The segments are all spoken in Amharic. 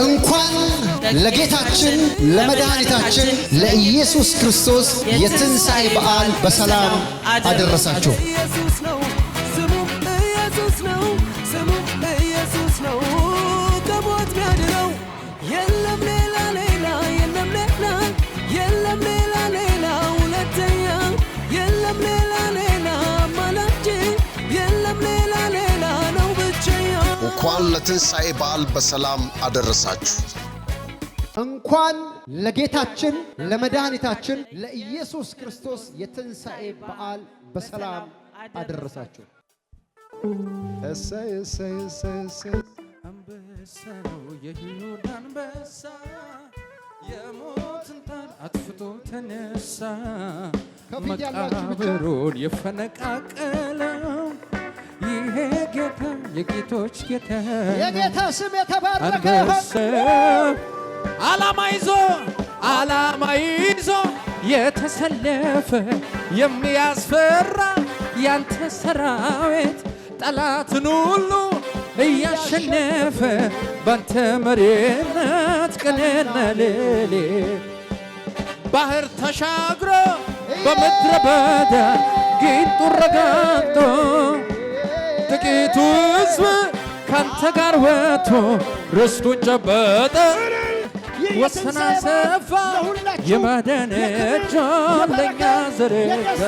እንኳን ለጌታችን ለመድኃኒታችን ለኢየሱስ ክርስቶስ የትንሣኤ በዓል በሰላም አደረሳችሁ። እንኳን ለትንሣኤ በዓል በሰላም አደረሳችሁ። እንኳን ለጌታችን ለመድኃኒታችን ለኢየሱስ ክርስቶስ የትንሣኤ በዓል በሰላም አደረሳችሁ። እሰይ እሰይ እሰይ እሰይ አንበሳ ነው የይሁዳ አንበሳ የሞትን ጣር አጥፍቶ ተነሳ መቃብሩን ነህ የጌቶች ጌታ የጌታ ስም የተባረከ ዓላማ ይዞ ዓላማ ይዞ የተሰለፈ የሚያስፈራ ያንተ ሰራዊት ጠላትን ሁሉ እያሸነፈ ባንተ መሪነት ቀንና ሌሊት ባህር ተሻግሮ በምድረ በዳ ጊንጡን ረጋግጦ ጥቂቱ ህዝብ ካንተ ጋር ወጥቶ ርስቱን ጨበጠ። ወሰና ሰፋ የማዳን እጇን ለእኛ ዘረጋ።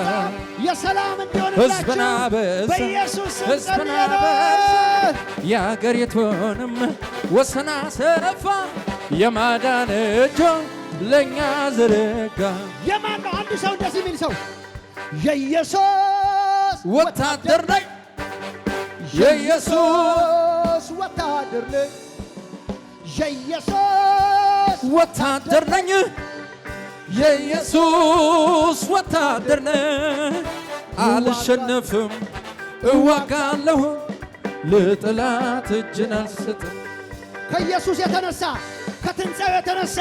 የአገሪቱንም ወሰና ሰፋ የማዳን ለእኛ ዘረጋ። የማን ነው አንዱ ሰው እንደዚህ የሚል ሰው? የኢየሱስ ወታደር ነኝ የኢየሱስ ወታደር ነኝ የኢየሱስ ወታደር ነኝ የኢየሱስ ወታደር ነኝ አልሸነፍም እዋጋለሁ ለጠላት እጅን አልሰጥም ከኢየሱስ የተነሳ ከትንሣኤው የተነሳ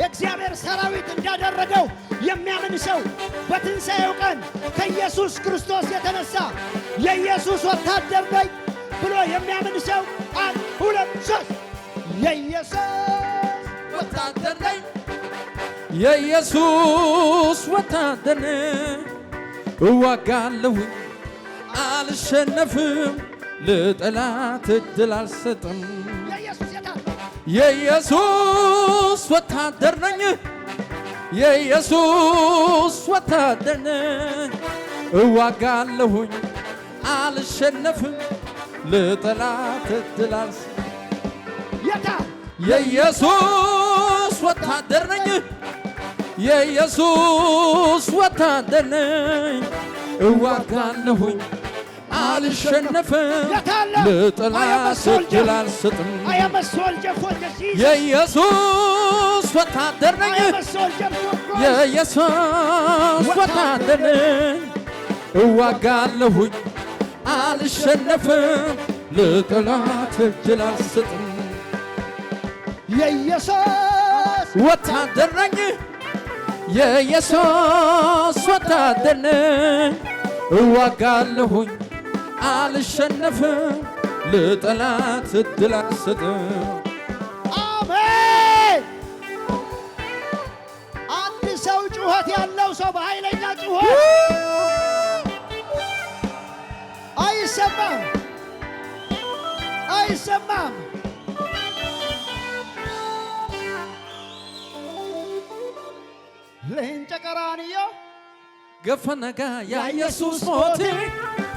የእግዚአብሔር ሰራዊት እንዳደረገው የሚያምን ሰው በትንሣኤው ቀን ከኢየሱስ ክርስቶስ የተነሳ የኢየሱስ ወታደር ነኝ ብሎ የሚያምን ሰው አንድ ሁለት ሶስት የኢየሱስ ወታደር ነኝ የኢየሱስ ወታደር ነኝ አልሸነፍም ለጠላት እድል አልሰጥም የኢየሱስ ወታደር ነኝ የኢየሱስ ወታደር ነኝ እዋጋለሁኝ አልሸነፍም ለጠላት ትላልስ የኢየሱስ ወታደር ነኝ የኢየሱስ ወታደር ነኝ እዋጋለሁኝ አልሸነፍም ለጠላት ድል አልሰጥም። የኢየሱስ ወታደር ነኝ የኢየሱስ ወታደር ነኝ እዋጋለሁኝ አልሸነፍም፣ ለጠላት እጅ አልሰጥም። የኢየሱስ ወታደር ነኝ፣ የኢየሱስ ወታደር ነኝ። እዋጋለሁኝ አልሸነፍም፣ ለጠላት እድል አልሰጥም። አሜን። አንድ ሰው ጩኸት ያለው ሰው በኃይለኛ ጩኸት ሰላም ለእንጨ ቀራንዮ ገፈነጋ የኢየሱስ ሞት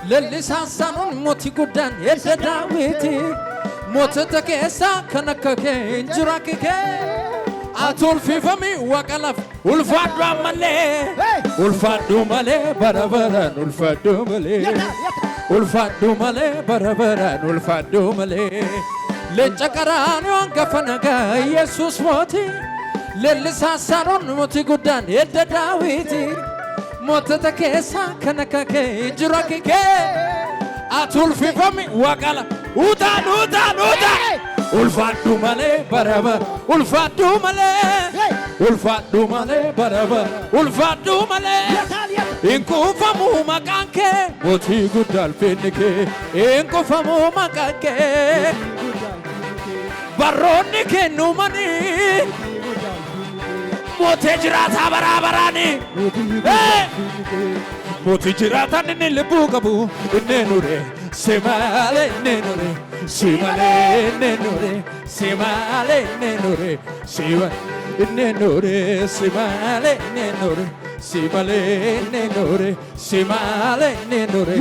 ለልሳሳኑን ሞቲ ጉዳን የደ ዳዊት ሞተተ ኬሳ ከነከኬ እንጅራ ኬኬ አቱልፊፈሚ ወቀለፍ ኡልፋዱ አመሌ ኡልፋዱ መሌ በረበረን ኡልፋዱ መሌ ኡልፋዱ መሌ በረበረን ኡልፋዱ መሌ ሌንጨ ቀራንዮን ኢየሱስ ሞቲ ለልሳሳኖን ሞቲ ጉዳን የደ ዳዊቲ ሞተተ ኬሳ ከነከኬ ጅራኪኬ አቱልፊፈሚ ዋቀላ ውጣን ውጣን ውጣን ulfaadhu malee bara bara ulfaadhu malee ulfaadhu malee bara bara ulfaadhu malee hin kuufamu maqaan kee mootii guddaan finni kee hin kuufamu maqaan kee barroonni kennumani mootee jiraataa baraa baraani. Mootii jiraataan inni lubbuu qabu inni nuree. ಶಿವಲೆನ್ನೆನುರೆ ಶಿವಲೆನ್ನೆನುರೆ ಶಿವಲೆನ್ನೆನುರೆ ಶಿವ ಎನ್ನೆನುರೆ ಶಿವಲೆನ್ನೆನುರೆ ಶಿವಲೆನ್ನೆನುರೆ ಶಿವಲೆನ್ನೆನುರೆ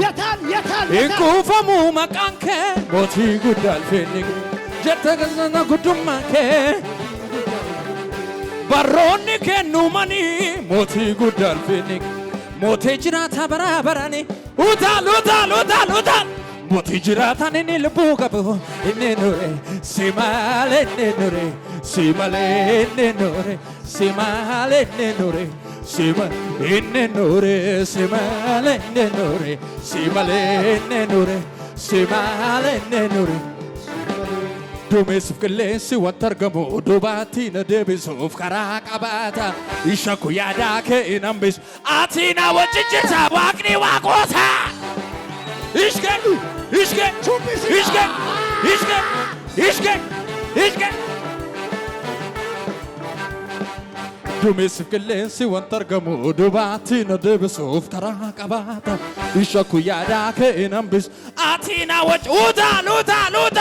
እንቁፈሙ መቃንከ ሞቲ ጉዳል ፌኒግ ጀተገዘና ጉዱማከ barroonni kennumanii mootii guddaan feenni mootee jiraataa baraa baraanii utaal utaal utaal utaal. Moti jiratan inni lubbuu qabu inni nure si maale inni nure si maale inni nure si maale inni nure si maale inni nure si maale inni nure si maale inni nure si maale inni nure Duumessuuf qilleensi wanta argamu dubaatti na deebisuuf karaa qabaata ishakku yaadaa kee nambisu ati na wajjin jirta waaqni waaqoota ishgadhu. Iške! Iške! Iške! Iške! Iške! ዱሜ ስፍቅሌን ሲወንተርገሙ ዱባቲነ ድብሱፍ ተራቀባተ ይሸኩያዳከኢነምብስ አቲና ወጭ ውታ ሉታ ሉታ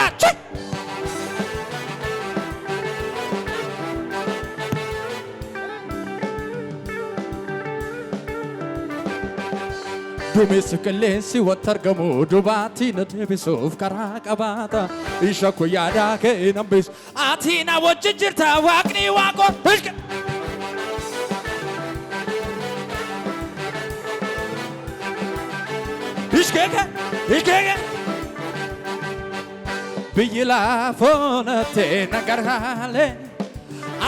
Dumeessi qilleensi wattargamu dubaatti na deebisuuf karaa qabaata. Isha koo yaadaa ka'ee nan beesu. Ati na wajjin jirta waaqni waaqoo. Ishkeeke! Ishkeeke! Biyyi laafoonate nagaraalee.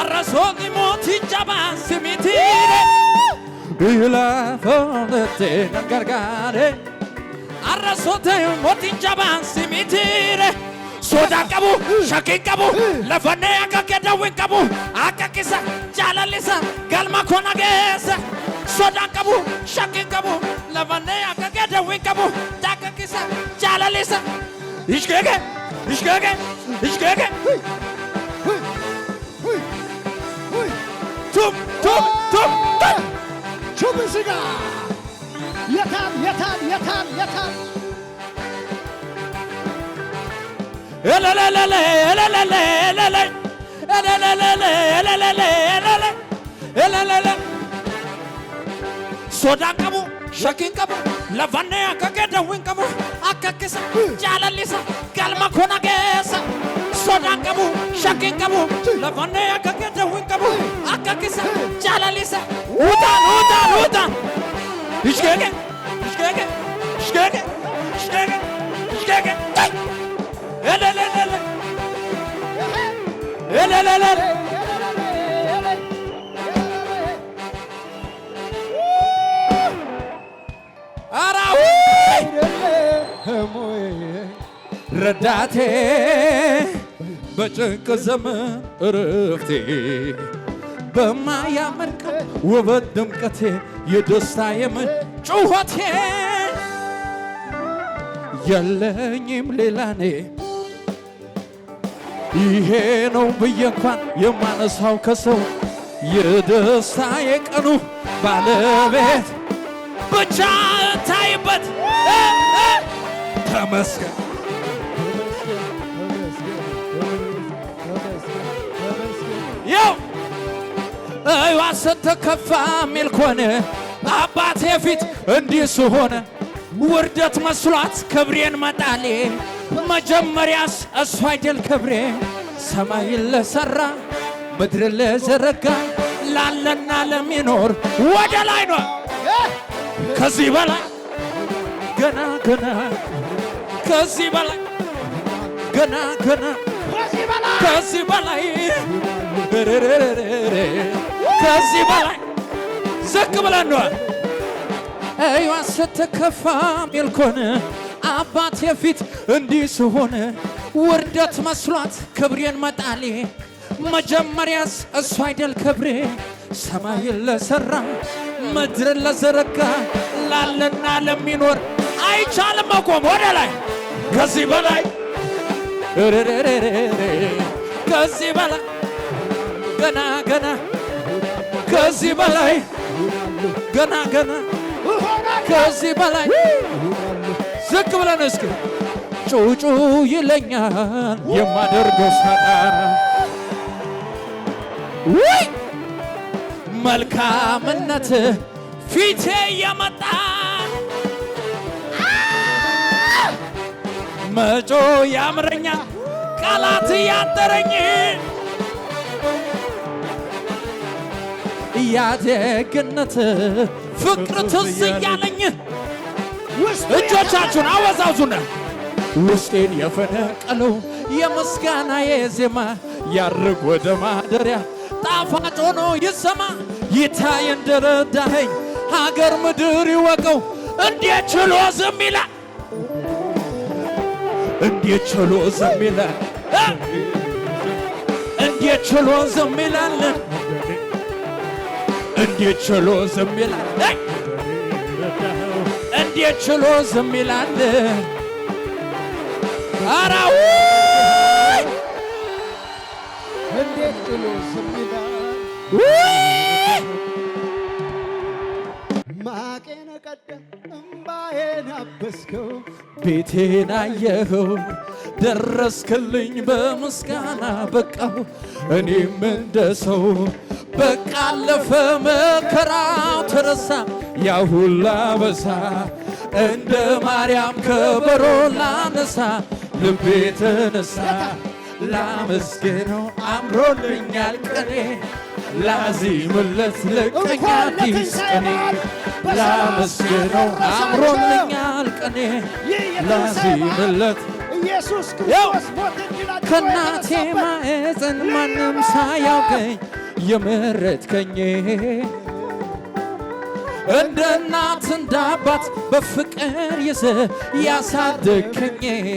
Arrasoonni mootii jabaan simitiire. Bila fondetti non gargare Arrasote motinja bansi mitire Soda qabu, shakin qabu, lafanne akka kedawin qabu Akka kisa, jaalallisa, galma kona geessa Soda qabu, shakin qabu, lafanne akka kedawin qabu Akka kisa, jaalallisa Ishkeke, ishkeke, ishkeke ስጋ የታም የታል የታል የታል ሶዳን ቀቡ ሸኪን ቀቡ ለቫነ ከገደውን ቀቡ አከክሰ ጃለሊሰ ገልመ ኮነገሰ ሶዳን ቀቡ ሸኪን ቀቡ ለቫነ ከገደውን ቀቡ አከክሰ ጃለሊሰ Hüçkörge! Hüçkörge! Hüçkörge! Hüçkörge! Hüçkörge! El el el el! El el el el! አራዊ ረዳቴ በጭንቅ ዘመን እረፍቴ በማያምር ቀን ውበት ድምቀቴ የደስታ ምን ጩኸቴ የለኝም ሌላ ይሄ ነው ብዬ እንኳን የማነሳው ከሰው የደስታ የቀኑ ባለቤት ብቻ እንታይበት ተመስገን እዩዋት ስትከፋ ሚልኮን አባቴ ፊት እንዲህ ስሆን ውርደት መስሏት ክብሬን መጣሌ መጀመሪያስ እሱ አይደል ክብሬ ሰማይን ለሰራ፣ ምድርን ለዘረጋ ላለና ለሚኖር ወደ ላይ ነው ከዚህ በላይ ገና ገና ከዚህ በላይ ገና ገና ከዚህ በላይ ከዚህ በላይ ዝቅ ብለን ነዋል እዩዋን ስትከፋ ሜልኮን አባት የፊት እንዲህ ስሆን ውርደት መስሏት ክብሬን መጣሌ መጀመሪያስ እሱ አይደል ክብሬ ሰማይን ለሠራ ምድርን ለዘረጋ ላለና ለሚኖር አይቻልም መቆም ወደ ላይ ከዚህ በላይ ከዚህ በላይ ገና ገና ከዚህ በላይ ገና ገና ከዚህ በላይ ዝቅ ብለን እስኪ ጩጩ ይለኛል የማደርገው ሳጣራ ውይ መልካምነት ፊቴ የመጣ መጮ ያምረኛል ቃላት ያጠረኝ ያደግነት ፍቅር ትዝ እያለኝ እጆቻችሁን አወዛዙነ ውስጤን የፈነቀለው የምስጋና የዜማ ያርግ ወደ ማደሪያ ጣፋጭ ሆኖ ይሰማ ይታይ እንደረዳኸኝ ሀገር ምድር ይወቀው። እንዴት ችሎ ዝም ይላል? እንዴት ችሎ ዝም ይላል? እንዴት ችሎ ዝም ይላል? እንዴት ችሎ ዝም ይላል? እንዴት ችሎ ዝም ይላል? አራው እንዴት ችሎ ዝም ይላል? ማቄን ቀደም እምባዬን አበስከው ቤቴን አየኸው ደረስክልኝ በምስጋና በቃው እኔም እንደ ሰው በቃ አለፈ መከራ ተረሳ ያ ሁላ በሳ እንደ ማርያም ከበሮ ላነሳ ልቤ ተነሳ ላመስግነው አምሮልኛል ቀኔ ላዚምለት ለቀኛ አዲስ ቀኔ ላመስግነው አምሮልኛል ቀኔ ላዚምለት ኢየሱስ ክርስቶስ ከእናቴ ማዕፀን ማንም ሳያውቀኝ የመረጥከኝ እንደ እናት እንደ አባት በፍቅር ይዘ ያሳደግከኝ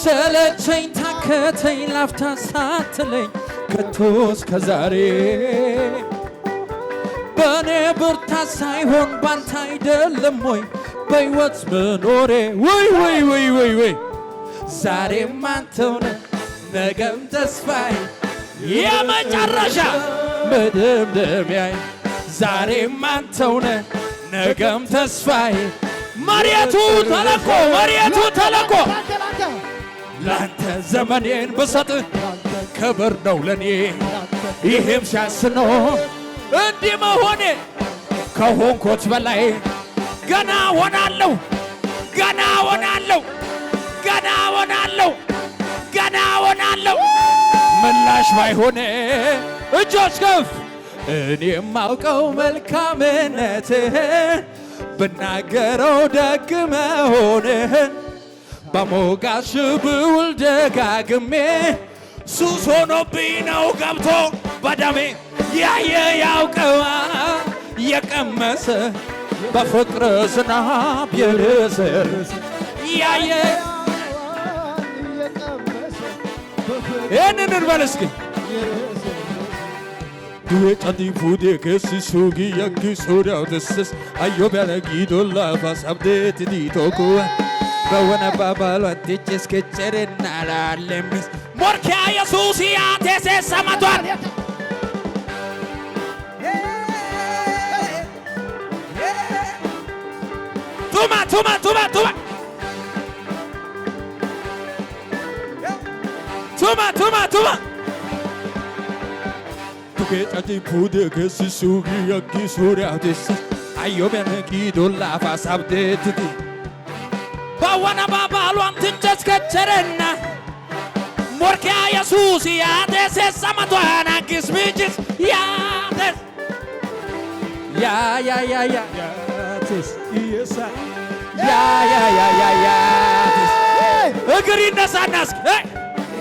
ሰለቸኝ ታከተኝ ላፍታ ሳትለኝ ከቶ እስከ ዛሬ በእኔ ብርታ ሳይሆን ባንተ አይደለም ወይ በሕይወት መኖሬ ወይ ወይ ወይ ወይ ወይ ዛሬም አንተውነ ነገም ተስፋዬ የመጨረሻ መደምደሚያይ ዛሬም አንተውነ ነገም ተስፋዬ መሬቱ ተለቆ መሬቱ ተለቆ ላንተ ዘመኔን ብሰጥ ክብር ነው ለኔ። ይህም ሲያስኖ እንዲህ መሆኔ ከሆንኮት በላይ ገና ሆናለሁ ገና ምላሽ ባይሆን እጆች ከፍ እኔ የማውቀው መልካምነትህን ብናገረው ደግ መሆንህን በሞጋሽ ብውል ደጋግሜ ሱስ ሆኖብኝ ነው ገብቶ በደሜ ያየ ያውቀዋ የቀመሰ በፍቅር ዝናብ የርስር ያየ ይህንን እንበል እስኪ Duetanii fuudhee keessi suugii yakki suuraa odesses ayyoo bala giidoo lafa sabdeeti diitooku bawana babalwatti ceskeceren nalaallemis morke yesuusi yaateese samatwar tuma tuma tuma tuma tuma tuma tuma Tukeetati puudee keessi suuqii akki suuraa teessa ayyoomeen kiidoo laafaa sabdeetti. Bawwana baabaaluun tinjas kachareenna morkaa Yesuus yaadeesee samatuwaan akkis miijis yaadees. Yaa yaa yaa yaa yaadees iyeesa yaa yaa yaa yaa yaadees. Egiriin na saanaas. Hey!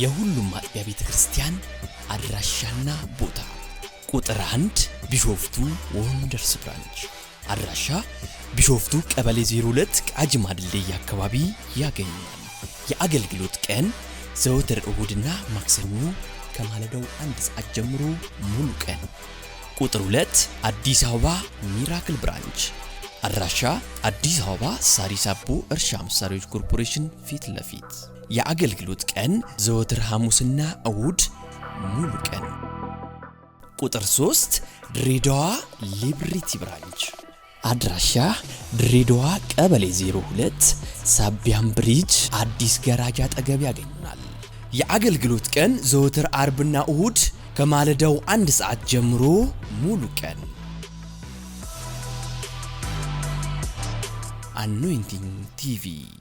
የሁሉም ማጥቢያ ቤተ ክርስቲያን አድራሻና ቦታ ቁጥር አንድ ቢሾፍቱ ወንደርስ ብራንች አድራሻ ቢሾፍቱ ቀበሌ 02 ቃጅማ ድልድይ አካባቢ ያገኛል። የአገልግሎት ቀን ዘወትር እሁድና ማክሰኞ ከማለዳው አንድ ሰዓት ጀምሮ ሙሉ ቀን። ቁጥር 2 አዲስ አበባ ሚራክል ብራንች አድራሻ አዲስ አበባ ሳሪስ አቦ እርሻ መሳሪያዎች ኮርፖሬሽን ፊት ለፊት። የአገልግሎት ቀን ዘወትር ሐሙስና እሁድ ሙሉ ቀን። ቁጥር 3 ድሬዳዋ ሊብሪቲ ብራንች። አድራሻ ድሬዳዋ ቀበሌ 02 ሳቢያም ብሪጅ አዲስ ገራጃ አጠገብ ያገኙናል። የአገልግሎት ቀን ዘወትር አርብና እሁድ ከማለዳው አንድ ሰዓት ጀምሮ ሙሉ ቀን Anointing TV